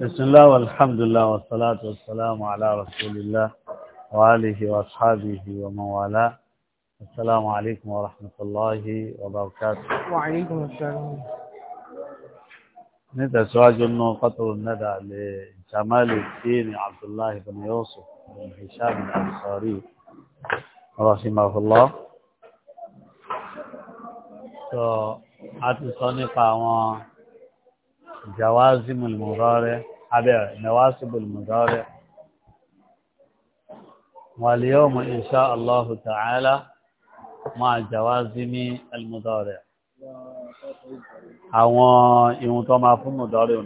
بسم الله والحمد لله والصلاة والسلام على رسول الله وآله وأصحابه ومن والاه السلام عليكم ورحمة الله وبركاته وعليكم السلام نتسواج أنه قطر الندى لجمال الدين عبد الله بن يوسف بن هشام الأنصاري رحمه الله so, àti sọ جوازم المضارع هذا نواسب المضارع واليوم إن شاء الله تعالى مع جوازم المضارع àwọn ìhun tó máa fún mọ̀dọ́rẹ̀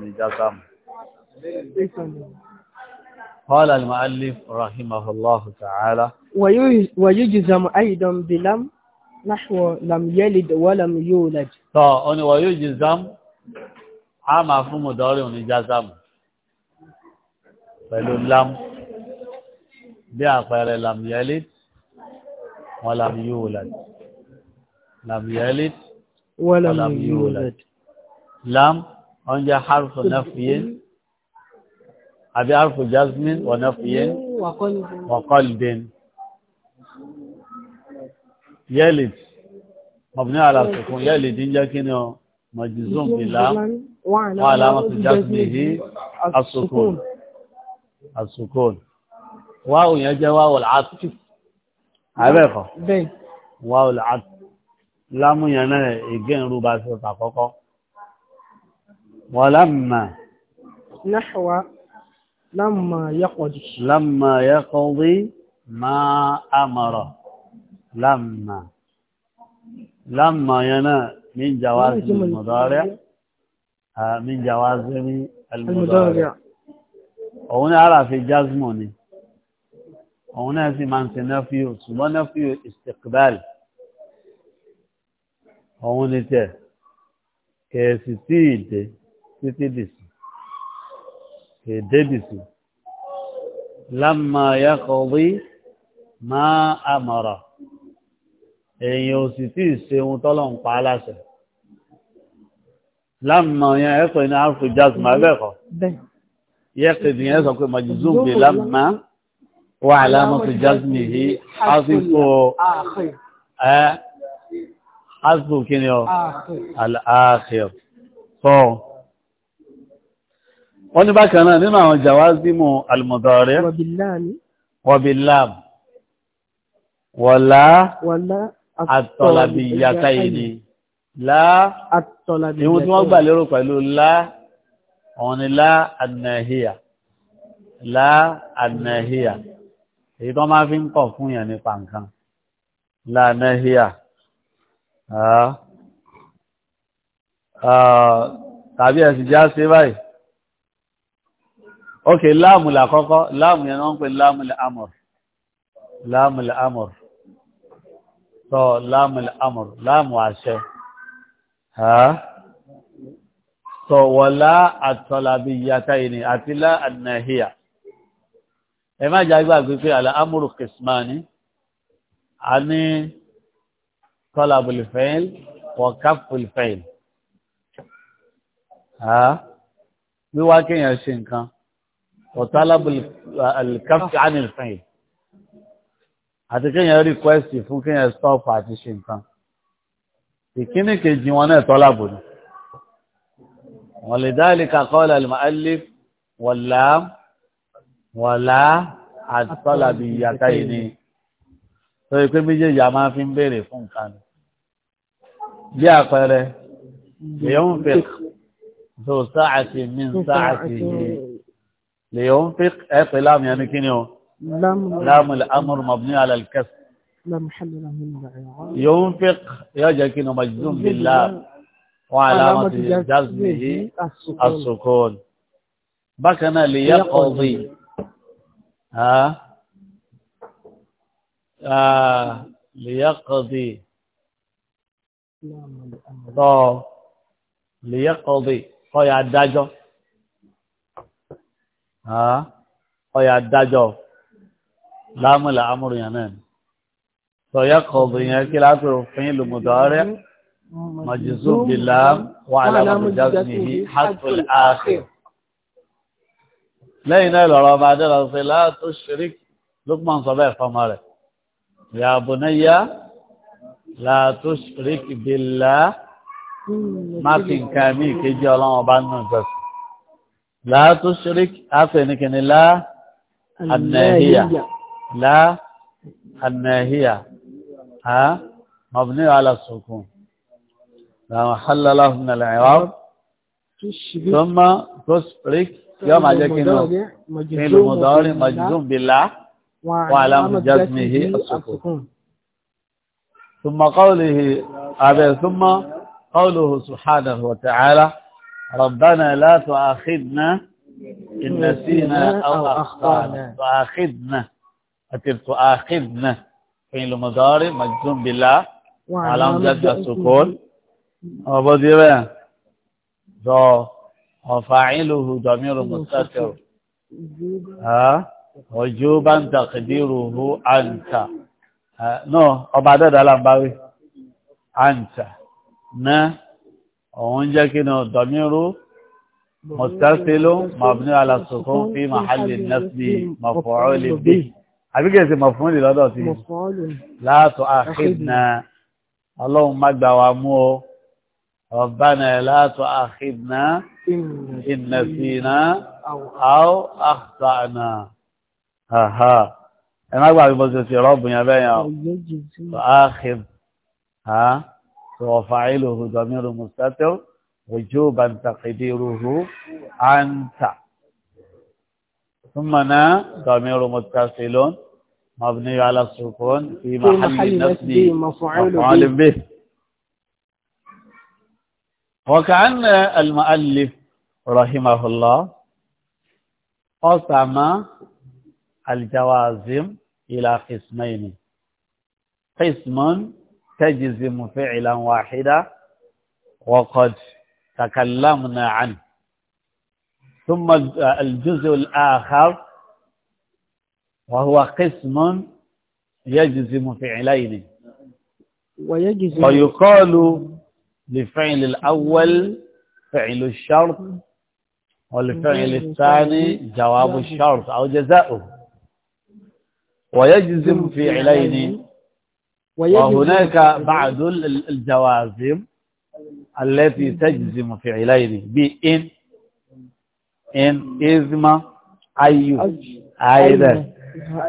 قال المؤلف رحمه الله تعالى ويجزم أيضا بلم نحو لم يلد ولم يولد طيب ويجزم a máa fún mọ̀dọ́rìn òní jásámù pẹ̀lú lam bí àpẹẹrẹ lamyelit wọn lamyolad lamyelit wọn lamyolad lam ọjọ́ harfu nafiyin àbí harfu jasmin wa nafiyin wa qalbin yelid mọ̀bìnrin àlàsùkún yelid ń kí ni ọ mọ̀jìzùn bìlá وعلامة جزمه السكون السكون واو يجا واو العطف عبيقه بي واو العطف لام ينا يجين روبا سوطا فوقه ولما نحو لما يقضي لما يقضي ما أمر لما لما ينا من جواز المضارع min jawazimi al-mudari' òun ní ara fi jazmo ni òun náà sì máa ń ṣe nafyu ṣùgbọ́n nafyu istiqbal òun ní tẹ̀ kẹ̀ẹ̀sì tí ìdè títí dìsí kẹ̀ẹ̀dé dìsí lámà yaqdi ma amara èèyàn ò sì tí ì ṣe ohun tọ́lọ̀ ń pa aláṣẹ lámà yẹn ẹ̀sọ̀ iná àrùfù jazm abẹ́ẹ̀kọ́ yẹ́kìdì yẹn sọ pé majzum bi lámà wà alamatu jazmihi hasbù ẹ́ hasbù kí ni ọ al-akhir sọ wọ́n ní bákan náà nínú àwọn jawazimu al-mudari wa billam wala àtọ̀làbìyàtà yìí láà àtọ́lábí ìwọ̀n tí wọ́n gbà lérò pẹ̀lú láà ọ̀n ni láà ànàhíyà láà ànàhíyà èyí tó máa fi ń kọ̀ fún yẹn nípa nǹkan láà ànàhíyà tàbí ẹ̀sìn já sí báyìí ok láàmù làkọ́kọ́ láàmù yẹn wọ́n pè láàmù l'amọ̀ láàmù l'amọ̀ so láàmù l'amọ̀ láàmù àṣẹ sọ̀wọ́lá àtọ́làbí yàtá ìní àti lá àdínàhíyà ẹ má jẹ́ agbáàgbé pé àlàámùrù kìsmáni a ní tọ́làbùlìfẹ́ìl wọ̀káfùlìfẹ́ìl wíwá kíyàn ṣe nǹkan wọ̀tọ́làbùlìkáfì ánìlfẹ́ìl àti kíyàn rí kwẹ́sì fún kíyàn stọ́ọ̀pù àti ṣe nǹkan ìkíní kejì wọn náà tọ́lá bòdì wọ́n lè dáàlì kàkọ́ọ̀lá alìmọ̀álì wọ̀lá wọ̀lá àtọ́lá bí yàtá yìí ni tó yẹ pé méjèèjì a máa fi ń béèrè fún nǹkan ni bí àpẹẹrẹ lèyọ́n fèk tó sáàtì mí sáàtì yìí lèyọ́n fèk ẹ pẹ̀lú àmì ẹni kí ni o lámùlẹ̀ amúrùmọ̀bí ní alàlùkẹ́sì لا محل له ينفق يجب مجزوم بالله وعلامة جزمه السكون بكنا ليقضي ها آه. ليقضي نعم، طيب. ليقضي قوي طيب، عداجو ها قوي طيب، عداجو لام الأمر يعني. سيقضي كلا فعل مضارع مجزوم باللام وعلى مجزمه حذف الآخر lẹ́yìn náà lọ́rọ̀ máa dẹ́rọ sí látó ṣírík lókùnmọ̀ sọ bẹ́ẹ̀ fọmọ rẹ̀ ya bunayya látó ṣírík billah hmm, má fi nǹkan mí ìkéjì ọlọ́wọ́n bá nù jọsí látó ṣírík áfẹ́nikẹ́ni lá annahiya lá annahiya ها مبني على السكون لا محل له من العراق ثم تسبق يوم عليك فعل مضارع مجزوم بالله وعلى جزمه السكون ثم قوله هذا ثم قوله سبحانه وتعالى ربنا لا تؤاخذنا إن نسينا أو أخطأنا تؤاخذنا أتل تؤاخذنا فعل مضارع مجزوم بالله وعلامة جد السكون أبو ديبا ذا وفاعله ضمير مستتر ها وجوبا تقديره أنت نو أبدا دلام باوي أنت نا وانجا كنو ضمير متصل مبني على السكون في محل النصب مفعول به àbíkẹ́ sí mọ̀fún lè lọ́dọ̀ sí látọ̀ àkídìnà ọlọ́run má gbà wá mú ọ ọ̀bánà látọ̀ àkídìnà ìnàfìnà àó àtànà àhà ẹ má gbà bíbọ́ sí rọ́bù yẹn bẹ́yàn ọ̀fà ìlú ثم نا ضمير متصل مبني على السكون في محل نصب مفعول به وكأن المؤلف رحمه الله قسم الجوازم إلى قسمين قسم تجزم فعلا واحدا وقد تكلمنا عنه ثم الجزء الآخر وهو قسم يجزم فعلين ويجزم ويقال لفعل الأول فعل الشرط والفعل الثاني جواب الشرط أو جزاؤه ويجزم فعلين وهناك بعض الجوازم التي تجزم فعلين بإن in izma ayu aida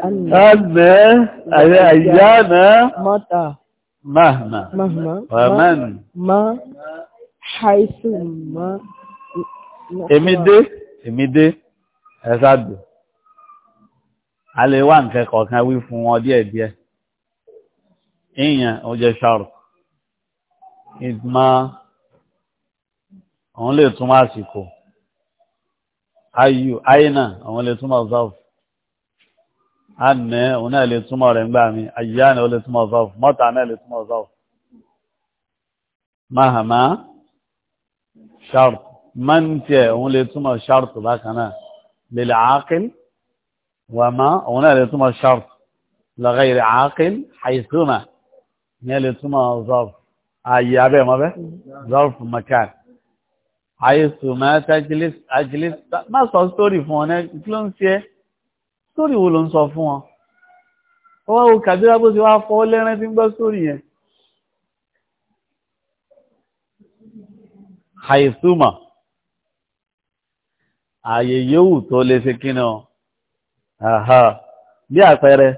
anna ayyana mata mahma mahma wa man ma haisu ma emide emide esadu a lè wá nǹkan kọ̀ọ̀kan wí fún wọn díẹ̀ díẹ̀ èèyàn ó jẹ́ ṣàrù ìgbìmọ̀ òun lè ayu aina àwọn lè túmọ̀ sáfù anẹ́ òun náà lè túmọ̀ rẹ̀ ńgbà mi ayana o lè túmọ̀ sáfù mọ́ta na lè túmọ̀ sáfù mahama shart man mọ́ntẹ̀ awon lè túmọ̀ sharp bákan náà lè lè ákìl wàmá òun náà lè túmọ̀ sharp لغير عاقل حيثما نالتما ظرف آي أبي ما به ظرف مكان àìsùnmọ́ agilis má sọ sórí fún ọ náà kí ló ń ṣe ẹ́ sórí wo ló ń sọ fún ọ ọwọ́ wo kàbíra bó ti wá fọ́ lẹ́rẹ́ tí ń gbọ́ sórí yẹn àìsùnmọ́ ààyè yóò tó lè ṣe kí ni ọ bí àpẹẹrẹ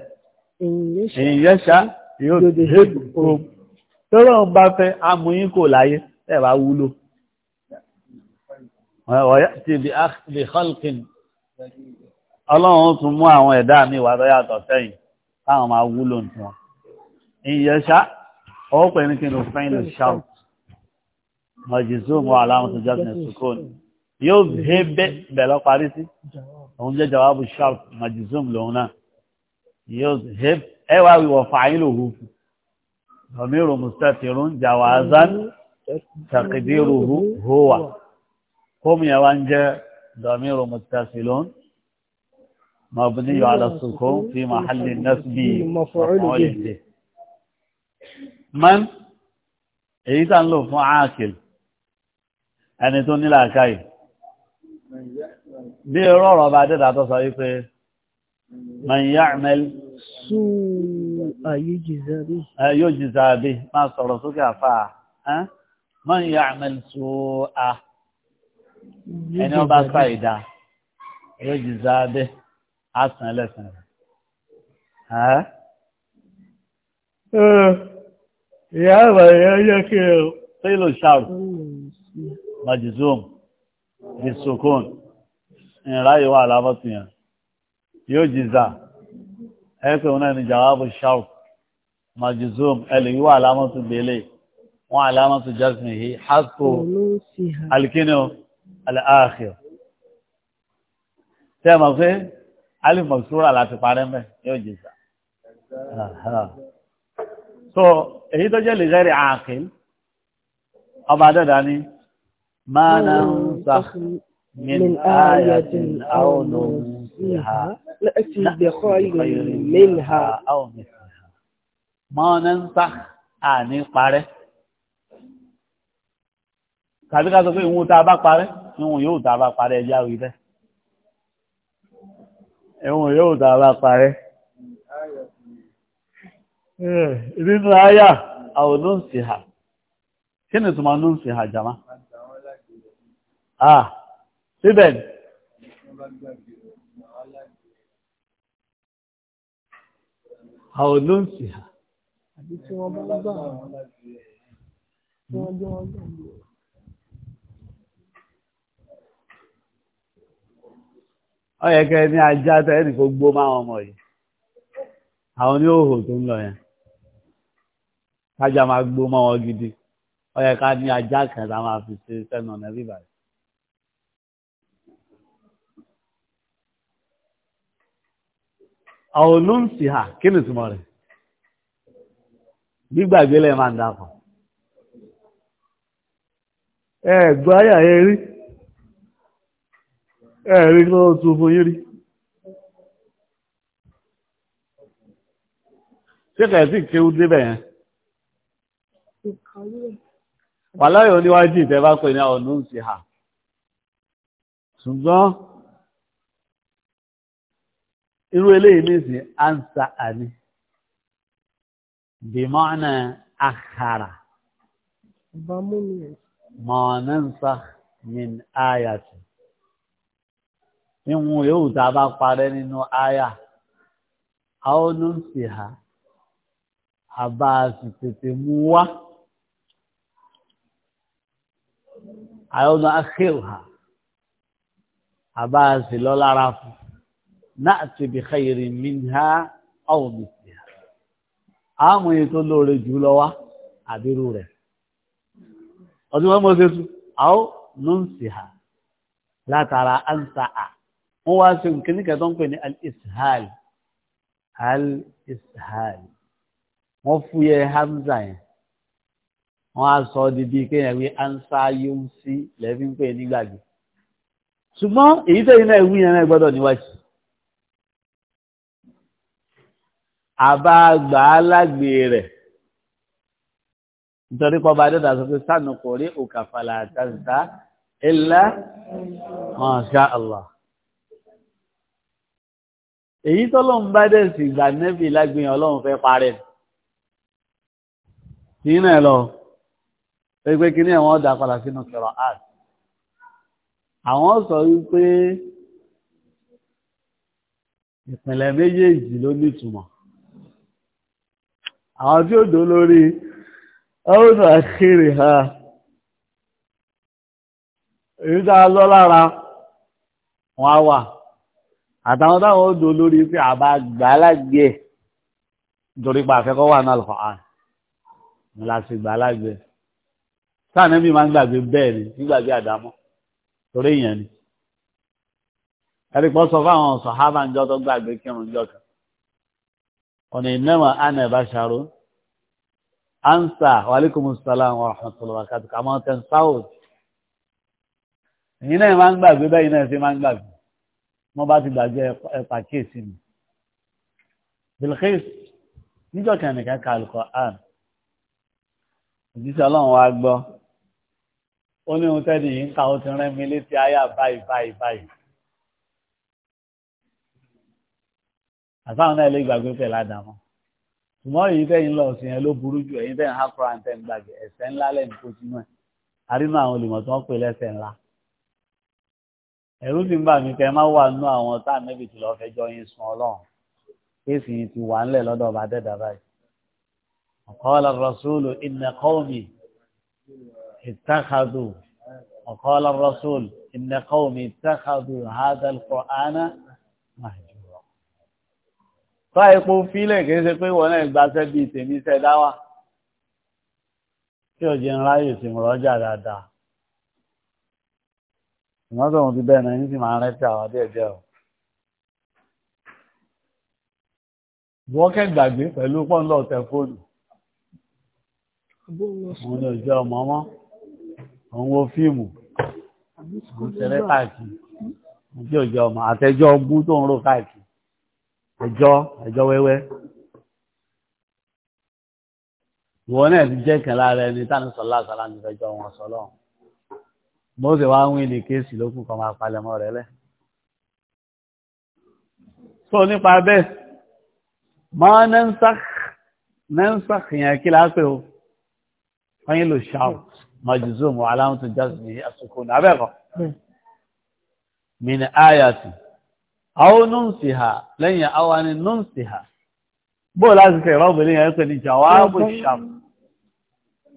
ìyẹ́ṣà yóò tó tọ́rọ̀ ń bá fẹ́ amúyín kò láyé ẹ̀ bá wúlò ọ̀yẹ́tì bí kọ́lùkìn ọlọ́run tún mú àwọn ẹ̀dá mi wà tó yàtọ̀ sẹ́yìn táwọn máa wúlò ní wọn ìyẹ́ṣá ọ̀pọ̀ ẹni kí ni òfin lè ṣáù mọ̀jìsú mọ́ aláwọn tó jẹ́ sùkúrò ní yóò hé bẹ́ bẹ̀lọ́ parí sí òun jẹ́ jawabu ṣáù mọ̀jìsú lòun náà جوازا تقديره هو هم يوانجا ضمير متصل مبني على السكون في محل النصب مفعول به من èyí tà ń lò fún ákìl ẹni tó nílà káì bí irọ́ ọ̀rọ̀ bá dẹ́ta tó sọ wípé man ya'mal su'an yujza bihi máa sọ̀rọ̀ sókè àfáà man ya'mal su'an ẹni ọba sá ìdá yóò jì záadé àsàn ẹlẹ́sìn rẹ̀. ìyá àgbà yẹn yẹ kí ẹ tílò ṣàrù majizum bisokun ìráyè wà lábọ́tì yẹn yóò jì zá ẹ pé òun náà ní jawabu ṣàrù majizum ẹlẹ́yìí wà lámọ́tò gbélé wọn àlámọ́tò jasmin yìí hasbo alikínú al-akhir tí a mọ̀ pé alif maksura láti parẹ́ mẹ́ so èyí tó jẹ́ lè rẹ́rẹ́ àkìl ọba dẹ́dà ni máa na ń sá min ayatin aunu siha láti ìgbẹ̀kọ́ ìrìn minha aunu siha máa na ń sá àní parẹ́ tàbí ká sọ pé ìwọ̀n tá a bá parẹ́ tí wọn yóò tá a bá parẹ́ ẹjá rí bẹ́ẹ̀ ẹ̀wọ̀n yóò a bá parẹ́ eh, nínú àyà àwọn ló ń sì hà kí ni túnmọ̀ ló ń sì hà jàmá ah síbẹ̀ àwọn ló ń sì hà ọ̀yẹ̀kẹ́ ní ajá tẹ́ẹ̀dì gbogbo máwọn ọmọ yìí àwọn ní òhò tó ń lọ yẹn kájà máa gbó wọn gidi ọ̀yẹ̀ká ní ajá kẹta máa fi ṣe ọ̀nà bíbáyìí. àwọn hà kí ni túmọ̀ rẹ̀ gbígbàgbélẹ̀ máa ń dàpọ̀ ẹ̀ gbọ́ ayà yẹn rí. ẹ̀rí lọ́wọ́ tó fún yírí ṣe kẹ̀ẹ̀sì kí ó débẹ̀ yẹn wà láyọ̀ níwájú ìtẹ́ pè ní ọ̀nà òsì ha ṣùgbọ́n irú eléyìí nìsín ánsà àní bìmọ́nà àkàrà mọ̀ọ́nà ń sá min áyàtì ìwọ̀n yóò tá a bá parẹ́ nínú àyà a ó ló ń sì ha àbá a sì tètè mú wá a ó lọ akéwò ha àbá a sì lọ lára fún náà ti bí xeyìrì mí ha àwọn èyí tó lóore jù lọ wá àbírú rẹ̀ ọdún wọn mọ̀ ṣe tún a látara ansa a wọ́n wá sí nǹkan níkà tó ń pè ní al-ishal al-ishal wọ́n fúyẹ́ hamza yẹn wọ́n á sọ ọ́ di bíi kéèyàn wí ansa yóò sí lẹ́bí ń pè nígbàgbé ṣùgbọ́n èyí tó yìí náà ewu yẹn náà gbọ́dọ̀ níwájú àbá gbà á lágbè rẹ̀ nítorí kọ́ bá dẹ́dà sọ pé sànù kò rí òkàfàlà àtàzà illa ma Allah èyí tọ́lọ́run bá dẹ̀ sì gbà nẹ́bì lágbìyàn ọlọ́run fẹ́ parẹ́ kì í náà lọ pé kí ní ẹ̀wọ̀n ọ̀dà padà sínú kẹrọ art àwọn sọ wípé ìpìnlẹ̀ méjèèjì ló nítumọ̀ àwọn tí ó dó lórí ọ̀nà àkèrè ha èyí tá a lọ lára wọn á wà àtàwọn táwọn ó do lórí pé àbá gbà lágbé ẹ̀ nítorí pé àfẹ́kọ́ wà náà lọ́kọ̀ án la sì gbà lágbé sáà nẹ́bí máa ń gbàgbé bẹ́ẹ̀ ni nígbàgbé àdámọ́ torí ìyẹn ni ẹ̀rìpọ̀ sọ fáwọn sọ̀hábà ń jọ tó gbàgbé kírun jọ kan ọ̀nà ìnáwó àná ẹ̀bá ṣàrò ansa wàlíkùmù sàlám wa rahmatullahi wa ìyìn náà máa ń gbàgbé bẹ́ẹ̀ ìyìn náà sì máa ń gbàgbé wọ́n bá ti gbàgbé ẹ̀pà kíyèsí mi. Bilkis níjọ́ kẹ́nìkan ka Al-Qur'an. Òjíṣẹ́ Ọlọ́run wa gbọ́. Ó ní ohun tẹ́lẹ̀ yìí ń ka ó ti rẹ́ mi létí ayá báyìí báyìí báyìí. Àfáwọn náà lè gbàgbé pẹ̀ ládàmọ́. Ṣùgbọ́n èyí tẹ́yìn lọ sí yẹn ló burú jù èyí tẹ́yìn hákùrán tẹ́ ń gbàgbé ẹ̀ṣẹ̀ ńlá lẹ́nu kó sínú ẹ̀. A rí mọ àwọn olùmọ̀ tí wọ́n pè lẹ́ṣẹ̀ ńlá ẹ̀rú sì ń bà mí kẹ́ má wà nínú àwọn tá ànábì tí lọ́ọ́ fẹjọ́ yín sun ọlọ́run kéèsì yìí ti wà ńlẹ̀ lọ́dọ̀ ọba dẹ́dà báyìí. ọ̀kọ́lá rasúlù inna qawmi ittakhadhu ọ̀kọ́lá rasúlù inna qawmi ittakhadhu hadha al tó àìpó fílẹ̀ kìí ṣe pé wọn náà gbaṣẹ́ bíi tèmi ṣẹ̀dá wa tí ò jẹun ráyè sí mọ̀rọ́jà dáadáa ṣùgbọ́n tó ń ti bẹ́ẹ̀ náà yín sì máa rántí àwọn díẹ̀ díẹ̀ o. wọ́n kẹ́gbàgbé pẹ̀lú pọ́ńdọ̀ tẹ fóònù òun ni òjò ọmọ mọ́ òun wo fíìmù òun ṣeré káàkiri òjò òjò ọmọ àtẹjọ́ ọgbú tó ń rò káàkiri ẹjọ́ ẹjọ́ wẹ́wẹ́ ìwọ mọ́sẹ̀ wá ń ilé kéèsì lókù kan máa palẹ̀mọ́ rẹ̀ lẹ́ so nípa bẹ́ẹ̀ máa nẹ́ńsàk yẹn kí lápẹ́ o wọ́n yìí lò shout majzum aláwọ̀ tó jásù ní asukun abẹ́kọ̀ min ayati àwọn nùnsìhà lẹ́yìn àwọn nùnsìhà bóò láti fẹ́ ìrọ́bìnrin yẹn pẹ̀lú jawabu shout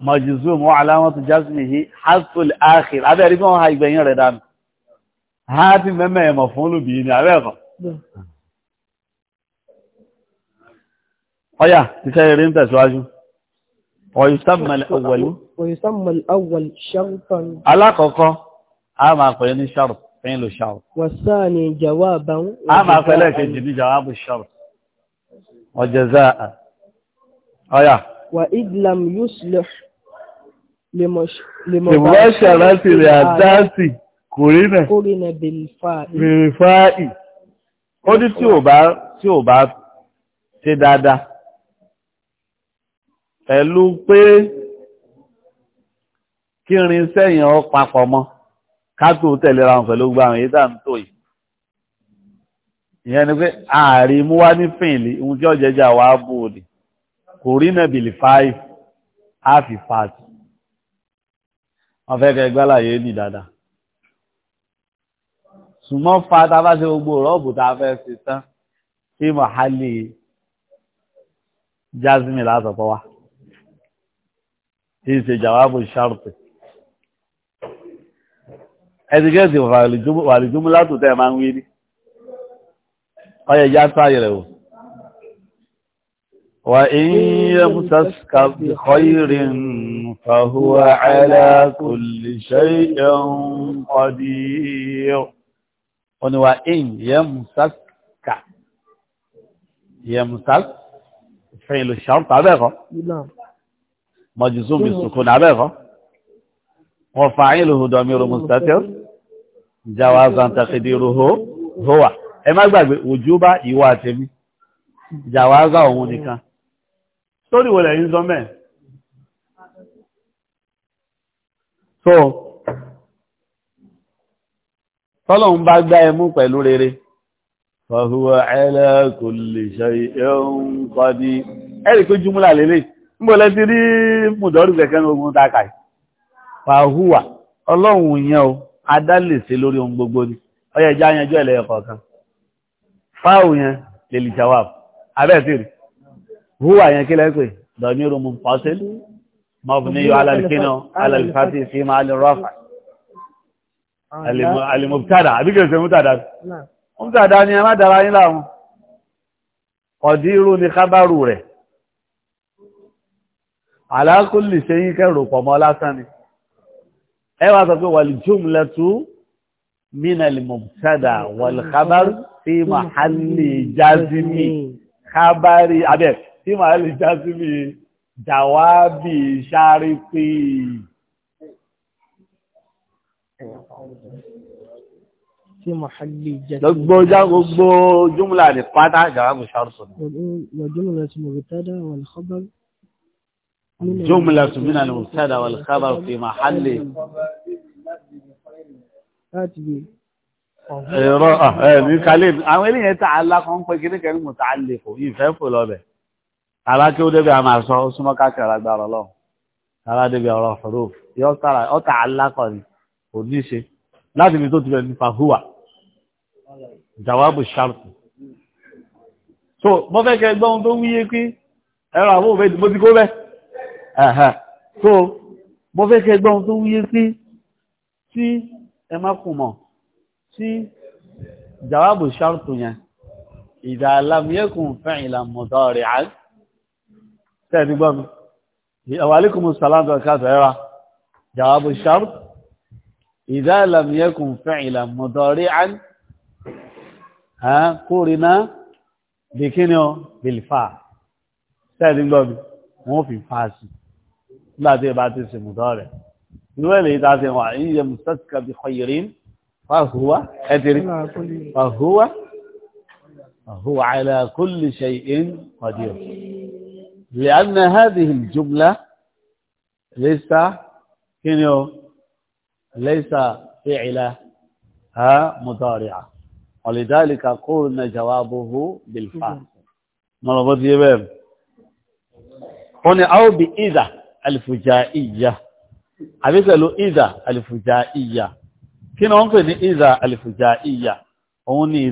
majzum wa alamatu jazmihi hasful akhir abẹ́ rí fún ha ìgbẹ̀yìn rẹ̀ dánù ha ti mẹ́mẹ́ ẹ̀mọ̀ fún olùbí ní abẹ́ ẹ̀kọ́ ọya iṣẹ́ rẹ̀ ń tẹ̀síwájú ọ̀yùsánmọ̀lẹ̀ awwal sharfan alákọ̀ọ́kọ́ a máa pẹ̀lú ní sharf fẹ́yìn ló sharf wasani jawaban a máa pẹ̀lú ẹ̀kejì ní jawabu sharf wa jazaa ọya wa idlam yuslih lèmọ̀ṣàrá ti rẹ̀ àdáàsì kòrínà kòrínà bèlìfáì ó ní tí ò bá tí ò bá ṣe dáadáa pẹ̀lú pé kí rin sẹ́yìn ọ papọ̀ mọ́ kátó tẹ̀lera wọn pẹ̀lú gbogbo àwọn èyí tá ń tò yìí ìyẹn ni pé ààrin mú wá ní fìlì ohun tí ọ̀jẹ̀jà wàá bù òdì kòrínà bèlìfáì á fàájì wọ́n fẹ́ kẹ́ gbálàyé nì dáadáa ṣùgbọ́n fa ta bá ṣe gbogbo rọ́ọ̀bù tá a fẹ́ ṣe tán sí mọ̀hálì jazmi látọ̀tọ̀ wa tí ń ṣe jàwábù ṣàrùtì ẹ̀dìgẹ́sì wàlìjúmú látòtẹ́ máa ń wí ní ọyẹ̀ já sáyẹ̀rẹ̀ wò wà ń yẹ mú sàṣkà bí فهو على كل شيء قدير قل وإن يمسك يمسك فعل الشرط عباغة مجزوم بالسكون عباغة وفعله ضمير مستتر جوازا تقديره هو ẹ má gbàgbé òjúbá جوازا àtẹ́mí jàwázà ولا nìkan so tọ́lọ̀un bá gbá ẹmú pẹ̀lú rere fahuwa ala kulli shay'in qadir ẹ̀rì pé jùmúlà lélẹ̀ mbọ̀lẹ́ ti rí mùdọ́rù kẹ̀kẹ́ ní ogun takai fahuwa ọlọ́run yẹn o adálèsè lórí ohun gbogbo ni ọyẹ ìjà yanjú ẹ̀lẹ́ مبني على الكنو على الفتح في محل الرفع المبتدع بكرة المبتدع مبتدع ni a má dára yín láàmú ọ̀dírú ni kábàrù rẹ̀ aláàkùnlì ṣe yín kẹrù pọ̀mọ́ lásán ni ẹ wá sọ pé wàlì jùmlẹ̀tú mínàlì mubtada wàlì kábàrù sí mahalli jazimi kábàrì abẹ́ sí mahalli jazimi جوابي شرطي في محل جواب جملة نقطة جواب شرط وجملة مبتدا والخبر جملة من المبتدا والخبر في محل ايه رأى ايه ميكالين عمليه تعلق عنك كده كان متعلق ايه فاهم فلو ده tàbákí ó débi àmà sọ ó súnmọ́ káàkiri alágbára lọ tàbá débi ọ̀rọ̀ huruf yọ tààrà ọ̀tà alákọ̀ ni kò ní ṣe láti ibi tó ti bẹ̀ nípa húwà jawabu sharti so mo fẹ́ kẹ gbọ́n tó wíyé pé ẹ̀rọ àwọn òbẹ́ mo ti kó bẹ́ so mo fẹ́ kẹ tó wíyé pé tí ẹ má kù mọ̀ tí jawabu sharti yẹn ìdá alámúyẹ́kùn fẹ́ ìlànà mọ̀tọ́ rẹ̀ àti tẹ́ẹ̀bí gbọ́ mi àwàlíkùn sàlámù ọ̀kátọ̀ ẹ̀rà jàwàbù sharp ìdá ìlàmìyẹ́kùn fẹ́ìlà mọ̀dọ̀rí àn kúrìnà bìkínìọ bìlfà tẹ́ẹ̀bí gbọ́ mi wọ́n fi fàásì láti ẹ̀bá ti sì mọ̀dọ̀rẹ̀ irú ẹ̀lẹ́ ìta ti wà لأن هذه الجملة ليس كنيو ليس فعلة ها مضارعة ولذلك قلنا جوابه بالفعل مربط يبين هنا أو بإذا الفجائية àbíkẹ̀lú ìdà àlìfùjà ìyà kí ni wọ́n pè ní ìdà إذا ìyà òun ni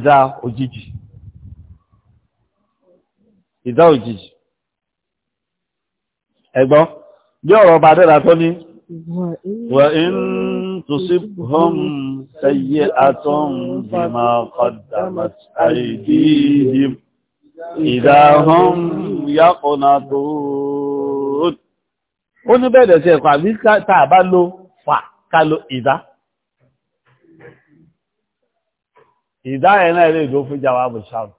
ẹgbọ́ bí ọ̀rọ̀ ọba dẹ́ra tó ní wà ń tusibhum sayyi'atun bima qaddamat aydihim idahum yaqnatun ó ní bẹ́ẹ̀dẹ̀ sí ẹ̀kọ́ àbí tàà bá ló fà ká lo ìdá ìdá ẹ̀ náà lè dó fún jàwá bùsáàrù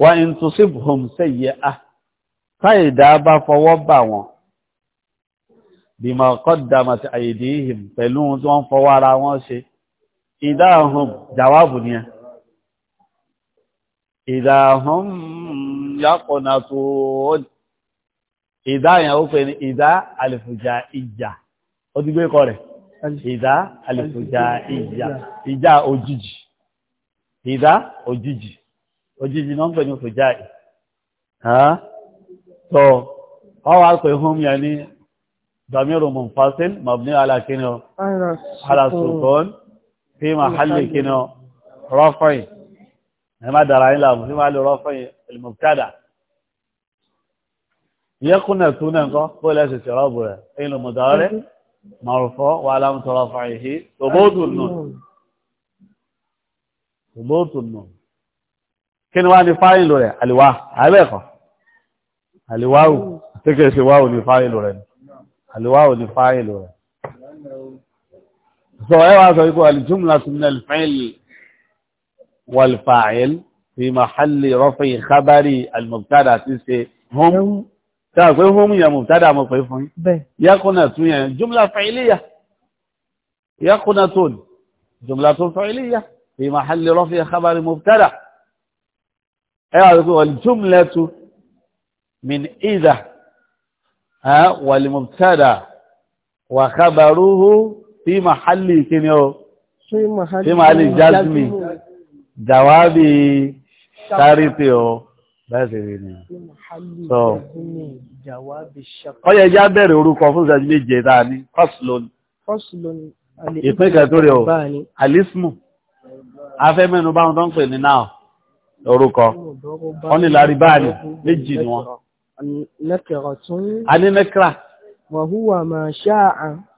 wà ń tusibhum sayyi'ah táìdá bá fọwọ́ bà wọ́n bima qaddamat aydihim pẹ̀lú ohun tí wọ́n fọwọ́ ara wọn ṣe ìdáhùn jàwábù ni ẹ ìdáhùn yaqnatun ìdá yẹn ó pè ní ìdá àlìfùjà ìjà ó ti gbé kọ rẹ̀ ìdá àlìfùjà ìjà ìjà ìdá òjijì òjijì náà ń pè ní fùjà ì tó ọwọ́ àpè hum yẹn ní damiru munfasil mabni ala kini o ala sukun fi mahalli kini o rọ́fọ́yì ẹ má dára yín láàmú fi mahalli rọ́fọ́yì ilmubtada يكن تونن قف ولا تشرب فعل مضارع مرفوع وعلامة رفعه ثبوت النون ثبوت النون كن واني فاعل له الوا عليكم àlèwáwò tẹ́kẹ̀ẹ́ ṣe wáwò ní fáìlù rẹ̀ àlèwáwò ní fáìlù rẹ̀ sọ ẹwà sọ ikú alìjúmùlá tún ní alfẹ́lì wàlfààìl fi mahalli rọ́fẹ́ ìkábárì almubtada ti ṣe hum tàà pé hum yẹ mubtada mọ̀ pé fún yákùnà tún yẹ jùmùlá fàílìyà yákùnà tún jùmùlá tún ẹwà sọ ikú alìjúmùlá من إذا ها والمبتدا وخبره في محل كنيو في محل في محل جزم جوابي تاريخيو بس يعني so جواب الشق ó yẹ já bẹ̀rẹ̀ orúkọ fún ṣe méje tá ní faslun faslun ìpín kan tó rẹ̀ o alismu afẹ́ mẹ́nu báwọn tó ń pè ní náà orúkọ wọ́n ní laribani méjì ni wọ́n Nẹ́kẹ̀rọ̀tún. A ní nẹ́kẹ̀rà. Wàhúwà máa ṣáà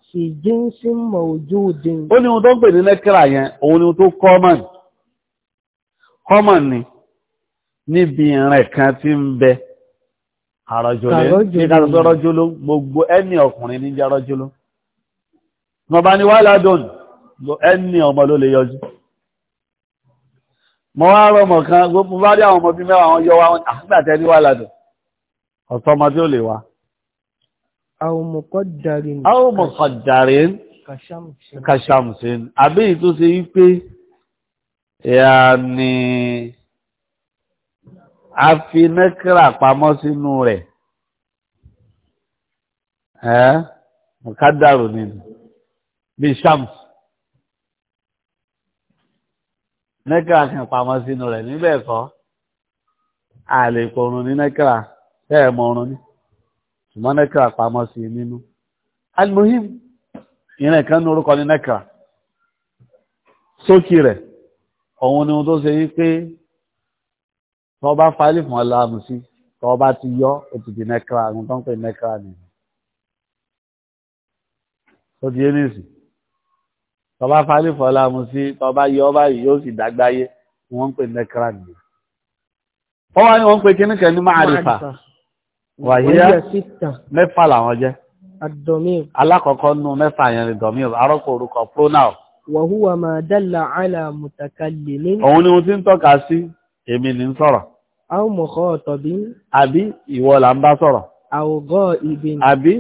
fi jínsí mọ̀júdin. Ó ní ohun tó ń pè ní nẹ́kẹ̀rà yẹn, òun ni ohun tó common. Common ni níbi ìrìn kan tí ń bẹ àrọ́jọ́lé. Ní ká sọ rọ́jọ́ló, gbogbo ẹni ọkùnrin ní jẹ́ rọ́jọ́ló. Mo bá ní wá ládùn, ẹni ọmọ ló lè yọjú. Mo wá rọmọ kan, gbogbo bá rí àwọn ọmọ bí mẹ́wàá wọn yọ wá wọn, àgbàtẹ́ ah, ní wá ládùn ọ̀tọ́ ọmọ tí ó lè wá. àwòmọ̀kọ̀dàrín kàṣàmùsìn àbí ìtò ṣe wípé ìyàní àfinẹ́kìrà pamọ́ sínú rẹ̀ ẹ́ mọ̀kádàrú nínú bí ṣàmùsìn. nẹ́kìrà kan pamọ́ sínú rẹ̀ níbẹ̀ kọ́ àlèkòrùn ní nẹ́kìrà tẹ́ ẹ̀ mọ̀rún ní ṣùgbọ́n nẹ́kà pamọ́ sí nínú almuhim ìrìn kan ní orúkọ ní nẹ́kà sókè rẹ̀ ọ̀hun ni ohun tó ṣe wípé tọ́ bá fálì fún ọláàmù sí tọ́ bá ti yọ ó ti di nẹ́kà àwọn tó ń pè nẹ́kà nìyí ó ti yé nìsí tọ́ bá fálì fún ọláàmù sí tọ́ bá yọ báyìí yóò sì dágbáyé wọ́n ń pè nẹ́kà nìyí wọ́n wá ní wọ́n ń pè kíníkẹ́ ní máa rí fà wàyíyá mẹ́fà làwọn jẹ́ alákọ̀ọ́kọ́ nù mẹ́fà yẹn ni domir arọ́pò orúkọ pronoun. wàhúwà máa dálà àlà mùtàkàlìmí. òun ni mo ti ń tọ́ka sí èmi ni ń sọ̀rọ̀. àwọn mọ̀kọ́ ọ̀tọ̀ bí. àbí ìwọ là ń bá sọ̀rọ̀. àwògọ́ ìbí. àbí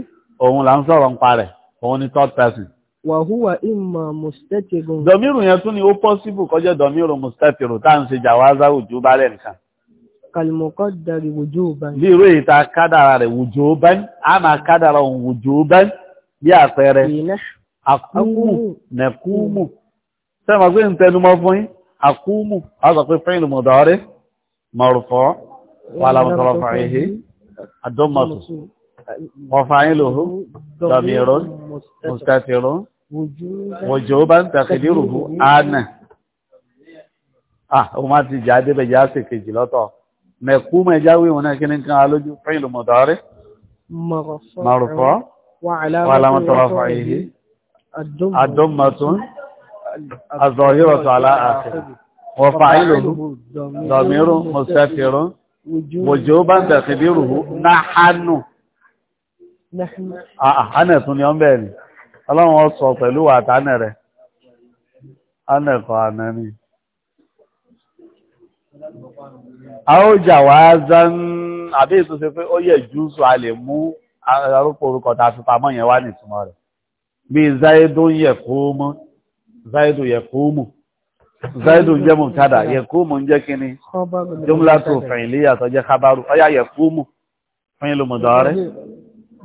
òun là ń sọ̀rọ̀ ń parẹ̀ òun ni third person. wàhúwà ìmọ̀ mùsítẹ́tìrù. domiru yẹn tún ni ó pọ́sibù kọjá domiru mùsítẹ́tìrù tá à ń ṣe jàwáza òjú balẹ̀ nìkan kàlùmọ̀kọ́dàrí wòjò bá ní irú ìta kádàrà rẹ̀ wòjò bá ní a máa kádàrà òun wòjò bá ní bí àpẹẹrẹ àkúmù nẹ̀kúmù sẹ́mọ̀ pé ń tẹnumọ́ fún yín àkúmù a sọ pé fẹ́yìn lùmọ̀dọ́ rẹ̀ mọ̀rùfọ́ wà lámọ̀tọ́rọ̀ fàáyé àdọ́mọ̀tò mẹ̀kúmọ̀ ẹjá wí wọn náà kí ní kan alójú fẹ́ìlú mọ̀dárí mọ̀rọ̀fọ́ wàlámọ́tọ́rọ̀fọ́ ìhé àdọ́mọ̀tún àzọ̀hírọ̀tọ̀ aláàfẹ́ wọ̀fà ìlòrú dọ̀mírù mọ̀sẹ́fẹ̀rọ wòjò bá ń tẹ̀sí bí rùhú náhánù àhánẹ̀tún ni ọ́n bẹ̀rẹ̀ ọlọ́run ọ sọ pẹ̀lú àtánẹ̀ rẹ̀ ánẹ̀kọ̀ ànẹ́ni àójà wà zan àbí ìtúnṣe pé ó yẹ jùúsù a lè mú arúgbó orúkọ ta fi pamọ́ yẹn wá nìtumọ̀ rẹ̀ bí zaidun yẹ̀kúmù zaidun yẹ̀kúmù zaidun jẹ́ mùtádà yẹ̀kúmù ń jẹ́ kíní jumlatu fìlíyà tó jẹ́ kábàrù ọyá yẹ̀kúmù fún ìlú mùdọ́rẹ́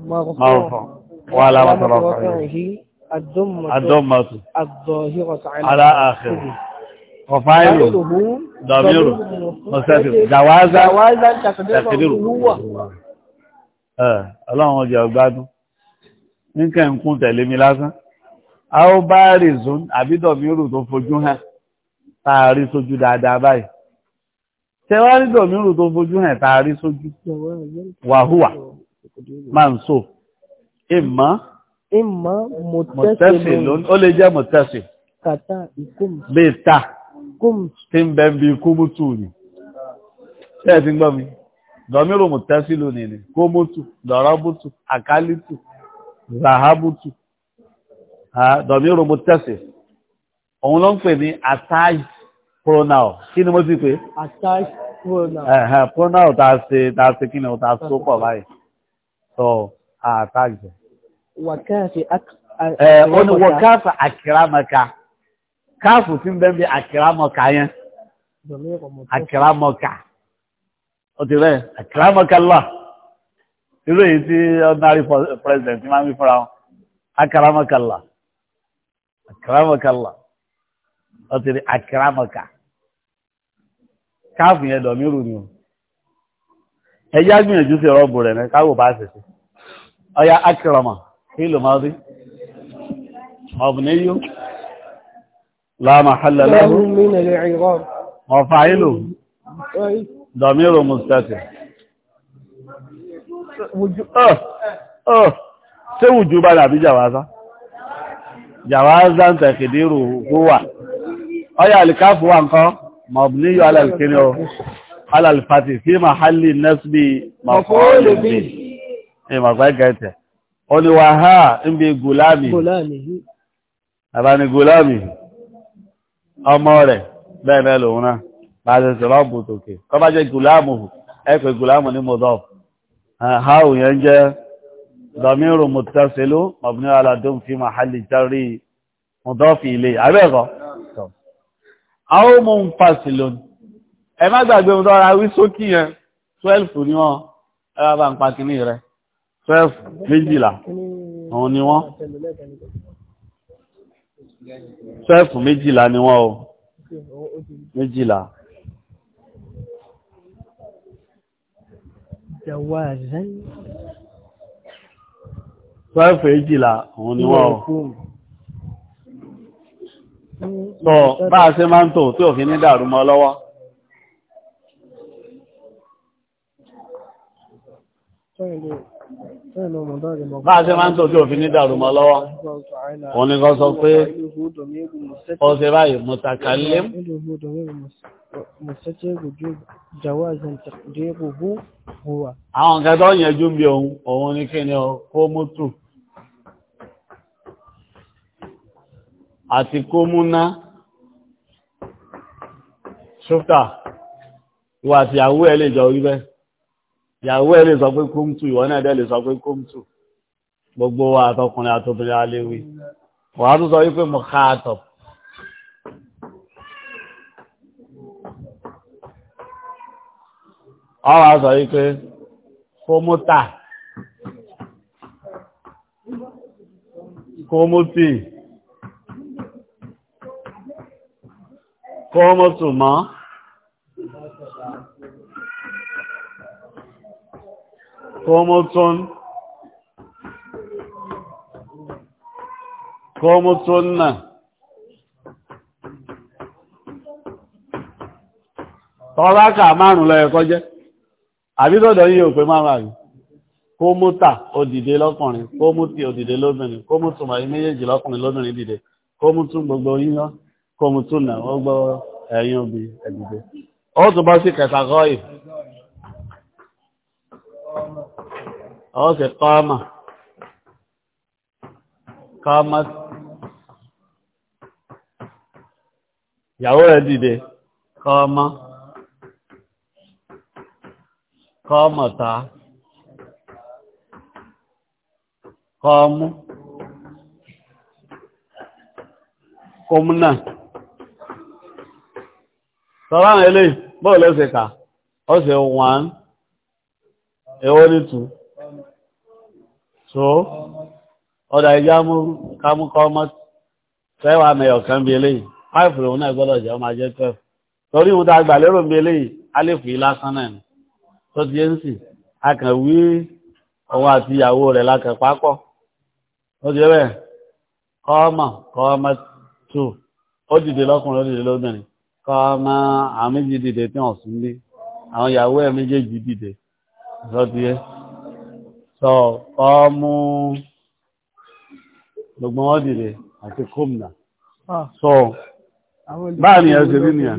mọ́rùn-ún wà ọ̀fáìlò dọ̀míru mọ̀sẹ́fìrì jàwázá tẹ̀fìdìrù ọlọ́run ọjọ́ ọgbádùn ní kẹ́ǹkún tẹ̀lé mi lásán a ó bá rìzún àbí dọ̀míru tó fojú hàn tààrí sójú dáadáa báyìí tẹwárí dọ̀míru tó fojú hàn tààrí sójú wàhúwà máa ń so ìmọ̀ mọ̀tẹ́sì lónìí ó lè jẹ́ mọ̀tẹ́sì bẹ́ẹ̀ ta kúmù tí ń bẹ bí kúmùtù ni tẹ́ẹ̀ ti gbọ́ mi dọ̀míru mùtẹ́sílò ni ni kúmùtù dọ̀rọ́bùtù àkálítù zahabutu dọ̀míru mùtẹ́sì òun ló ń pè ní attached pronoun kí ni mo ti pè attached pronoun ẹ̀hẹ̀n pronoun tá a kí ni o tá so pọ̀ báyìí so attached wàkáàfì àkìrámẹ́ka káàfù tí ń bẹ́ bí àkìrámọ́ka yẹn àkìrámọ́ka ó ti rẹ̀ àkìrámọ́ka lọ irú èyí tí ordinary president máa ń wí fúnra wọn àkìrámọ́ka lọ àkìrámọ́ka lọ ó ti rí àkìrámọ́ka káàfù yẹn dọ̀ mírù ni o ẹjá gbìyànjú sí ọ̀rọ̀ bù ní káwò bá ṣe ṣe àkìrámọ́ kí ló máa rí ọ̀bùnẹ́yọ́. لا محل له من الإعراب وفاعله ضمير مستتر ṣé wùjú bá dàbí jàwázá jàwázá ń tẹ̀kìdírù húwà ọya alìkáfù wà nǹkan mọ̀bíníyọ alàlìkíní o alàlìfàtì fí ma hálì nẹ́sìbí mọ̀kọ́lù bí ìmọ̀gbẹ́ gẹ̀ẹ́tẹ̀ ó ni wà háà ń bí gùlámì ọmọ rẹ̀ bẹ́ẹ̀ bẹ́ẹ̀ lòun náà bá ṣe sọ rọ́ọ̀bù tòkè kọ́ bá jẹ́ gùlámù ẹ pé gùlámù ní mọ́dọ̀ háù yẹn jẹ́ dọ̀míru mùtẹ́sílú mọ̀bìnú aládùn fi màhálì járí mùdọ́fì ilé abẹ́ẹ̀kọ́ àwọn mú ń fàṣìlò ẹ 12 ni wọ́n ẹwà bá ń pa 12 méjìlá òun ni twelve méjìlá ni wọ́n o méjìlá. twelve méjìlá òun ni wọ́n o. sọ bá a ṣe máa ń tò tí òfin ní dàrú mọ́ lọ́wọ́. Thank you. Bá ṣe máa ń tọ́jú òfin ní dàrúmọ lọ́wọ́, òun ni kan sọ pé ọ̀sẹ̀ báyìí mutakallim. Àwọn nǹkan tó yẹnjú bí òun, òun ni kí ni kó mútù. Àti kó múná, ìyàwó ẹ lè sọ pé kúmtù ìwọ náà dẹ̀ lè sọ pé kúmtù gbogbo wa àtọkùnrin àtọbìnrin aléwì wàá tún sọ wípé mo ká àtọ̀ ọwọ́ a sọ wípé kómútà kómútì kómútù mọ́. قومة قومة tọ́lákà márùn lọ ẹ̀kọ́ jẹ́ àbídọ́dọ̀ yíò pé márùn àrí kó mú tà òdìdé lọ́kùnrin kó mú tí òdìdé lóbìnrin kó mú túnmà méjèèjì lọ́kùnrin lóbìnrin dìde kó mú tún gbogbo yíyán kó mú tún nà ọgbọ́ ẹ̀yìn obì ẹ̀dìdé ó tún bọ́ sí kẹta gọ́ọ̀yì o sì kọ́ọ̀mà kọ́ọ̀mà ìyàwó rẹ̀ dìde kọ́ọ̀mà kọ́ọ̀mà ta kọ́ọ̀mù kọ́mùnà sọ́rọ̀ àwọn eléyìí bọ́ọ̀lọ́sẹ̀ ká ó sì wọ́n èwọ́ ní so ọ̀dà ìjà mú kámú kọ́mọ́ tẹ́wà mẹ́yọ̀ kan bí eléyìí five lòun náà gbọ́dọ̀ jẹ́ ọmọ ajẹ́ twelve torí ìwọ̀n tá a gbà lérò bí eléyìí alẹ́fù yìí lásán náà tó ti ń sì akànwé ọwọ́ àti ìyàwó rẹ̀ lákàpákọ̀ ó ti bẹ́ẹ̀ kọ́mọ̀ kọ́mọ́ two ó dìde lọ́kùnrin ó dìde lóbìnrin kọ́mọ́ àwọn méjì dìde tí wọ́n sún lé àwọn ìyàwó ẹ̀ méjèèjì dìde lọ́dún yẹn sọ ọmú gbogbo wọn dìde àti kómìnà ah. sọ báà ni ẹ̀ṣẹ̀ rí nìyà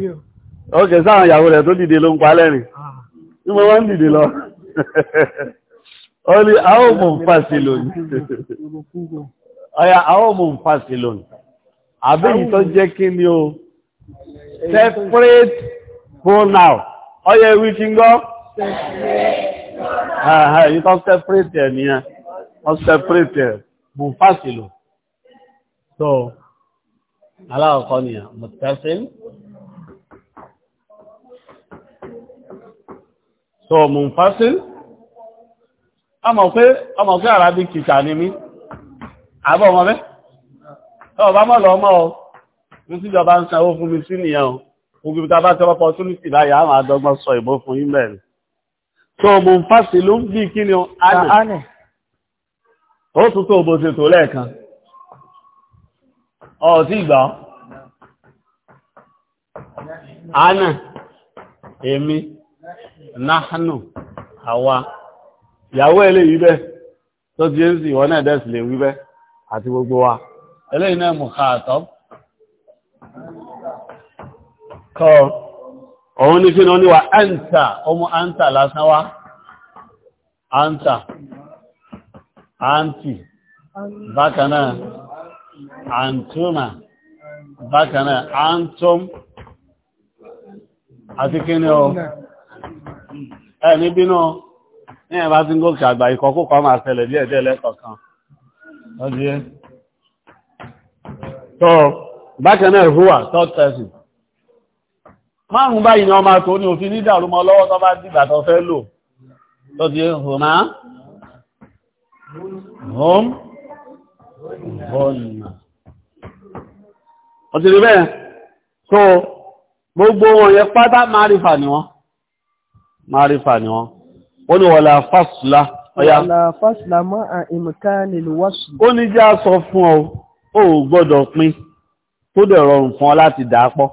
ókè sáwọn ìyàwó rẹ̀ tó dìde ló ń palẹ́rin ah. ní mo wọ́n dìde lọ ó ní àwọn ọmọ ń fàṣì lónìí ọya àwọn ọmọ ń fàṣì lónìí àbẹ́yìn tó jẹ́ kí ni o separate pronoun ọyẹ wí kí ń separate Ah, tó separate ẹ̀ nìyẹn wọ́n separate ẹ̀ mú fásìlò so aláàkọ́ nìyẹn mọ̀tẹ́sìn so mú fásìl ọmọ pé ọmọ pé arabic teacher ni mí àbọ̀ ọmọ bẹ́ ọba mọ́ lọ mọ́ ọ ní síjọba ń sanwó fún mi sí nìyẹn o gbogbo ìta bá tẹ́wọ́ tó mú fásitì ló ń bí kí ni ánì ó tún tó bó ṣe tó lẹ́ẹ̀kan ọ̀tí ìgbà ánà èmi náhánù àwa ìyàwó ẹlẹ́ yìí tó ti ń sì wọ́n náà dẹ̀sì lè wí àti gbogbo wa ẹlẹ́yìn náà mú ká kọ́ òun ní sínú níwà ẹ́ǹtà ọmọ ẹ́ǹtà lásán wá ẹ́ǹtà ẹ́ǹtì bákanáà àǹtúmà bákanáà àǹtọ́m àti kí ni ọ ẹ̀ níbí náà ní ẹ̀bá tí ń gòkè àgbà ìkọkúkọ máa ṣẹlẹ̀ díẹ̀ díẹ̀ lẹ́kọ̀ọ̀kan lọ́dí ẹ́ tó third person márùn báyìí ni ọmọ àtò ní òfin nídàrúmọ lọ́wọ́ tó bá dìgbà tó fẹ́ lò tó di hùmá hùm hùnà ọ̀tí rí bẹ́ẹ̀ tó gbogbo wọn yẹ pátá márífà ni wọ́n márífà ni wọ́n ó ní wọ̀lá fásùlá ọya wọ̀lá fásùlá mọ́ àìmùká nílùwọ́sù ó ní jẹ́ sọ fún ọ ò gbọ́dọ̀ pín tó dẹ̀ rọrùn fún ọ láti dàápọ̀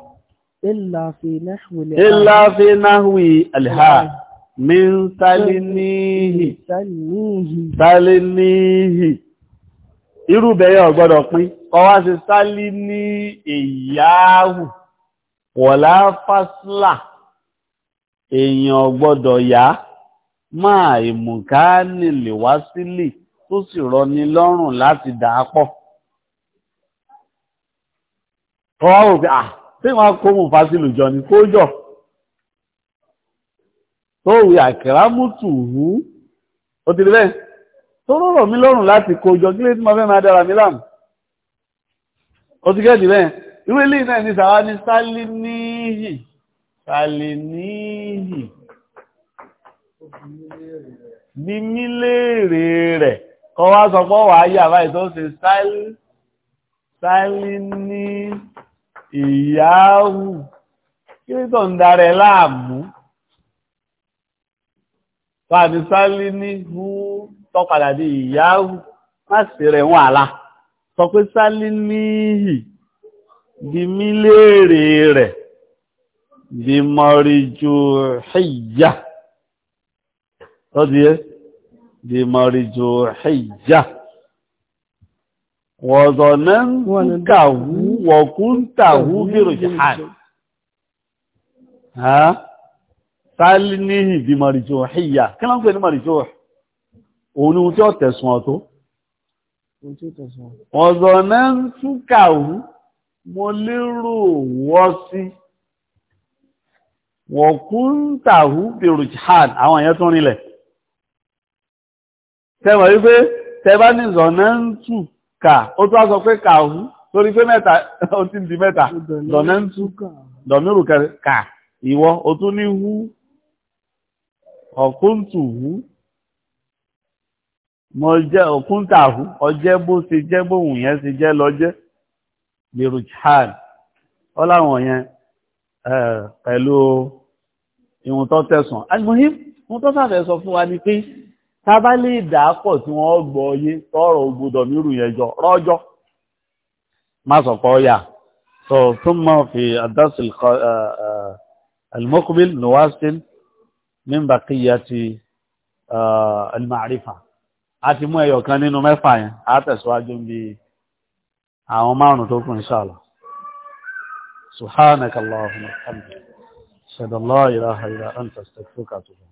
إلا في نحو إلا في نحو الهاء من سلنيه سلنيه irú bẹ̀yẹ̀ ọ̀gbọ́dọ̀ pín ọwá sí sálí ní èyáwù wọ̀lá fásilà èèyàn ọ̀gbọ́dọ̀ yá máa ìmùká nílè wá sílè tó sì rọni lọ́rùn láti dàápọ̀ ọwá tí wọ́n kó mú fásilù jọ ní kójọ tó wí àkìrámùtù hù ó ti rí bẹ́ẹ̀ tó rọrọ̀ mí lọ́rùn láti kójọ kí lè tí mo fẹ́ máa dára mí láàmú ó ti gẹ́ẹ̀dì bẹ́ẹ̀ irú ilé náà ní sàwá ní sálíníhì sálíníhì bí mí rẹ̀ kọ́ wá sọ pọ́ wàá yà báyìí tó ṣe sálíníhì ìyáhù kí ní tó ń darẹ̀ láàmú fàdí sálí ní hú tọ́padà di ìyáhù má sì rẹ̀ wọ́n àlá sọ pé sálí níhì di mí léèrè rẹ̀ di mọ̀rìjù hìyà lọ́dí ẹ́ di mọ̀rìjù hìyà wọ̀dọ̀ náà ń kàwú wọ̀kúntàhú fìrìjìhàn sáàlì ní ìdí mọ̀rìjò hìyà kí ló ń pè ní mọ̀rìjò òun ni tí ó tẹ̀sùn ọ̀tọ́ ọ̀zọ̀nà ń túkàwú mo lérò wọ́ sí wọ̀kúntàhú fìrìjìhàn àwọn èèyàn tó rinlẹ̀ tẹ́wọ̀ wípé tẹ́bá ní zọ̀nà ń túkà ó tó á sọ pé kàwú torí pé mẹ́ta ó ti di mẹ́ta dọ̀nẹ́ntú dọ̀míru kà ìwọ ó tún ní hu ọ̀kúntù hu mo jẹ́ ọ̀kúntà hu ọjẹ́ bó ṣe jẹ́ bóhùn yẹn ṣe jẹ́ lọ́jẹ́ lèrùjáàn ọ láwọn yẹn pẹ̀lú ìwọ̀n tó tẹ̀sán agbóhìm wọ́n tó sàfẹ́ sọ fún wa ni pé tábà lè dà á pọ̀ tí wọ́n gbọ́ yé tọ́rọ̀ ogbodò mírù yẹn jọ rọ́jọ́ má sọ pé ó yà so thumma fi ad-dars uh, uh, al-muqbil nuwasil min baqiyati uh, al-ma'rifa a ti mú ẹyọ kan nínú mẹ́fà yẹn a tẹ̀síwájú bí àwọn márùn-ún tó kù insha Allah subhanakallahumma wa bihamdika ashhadu an la ilaha illa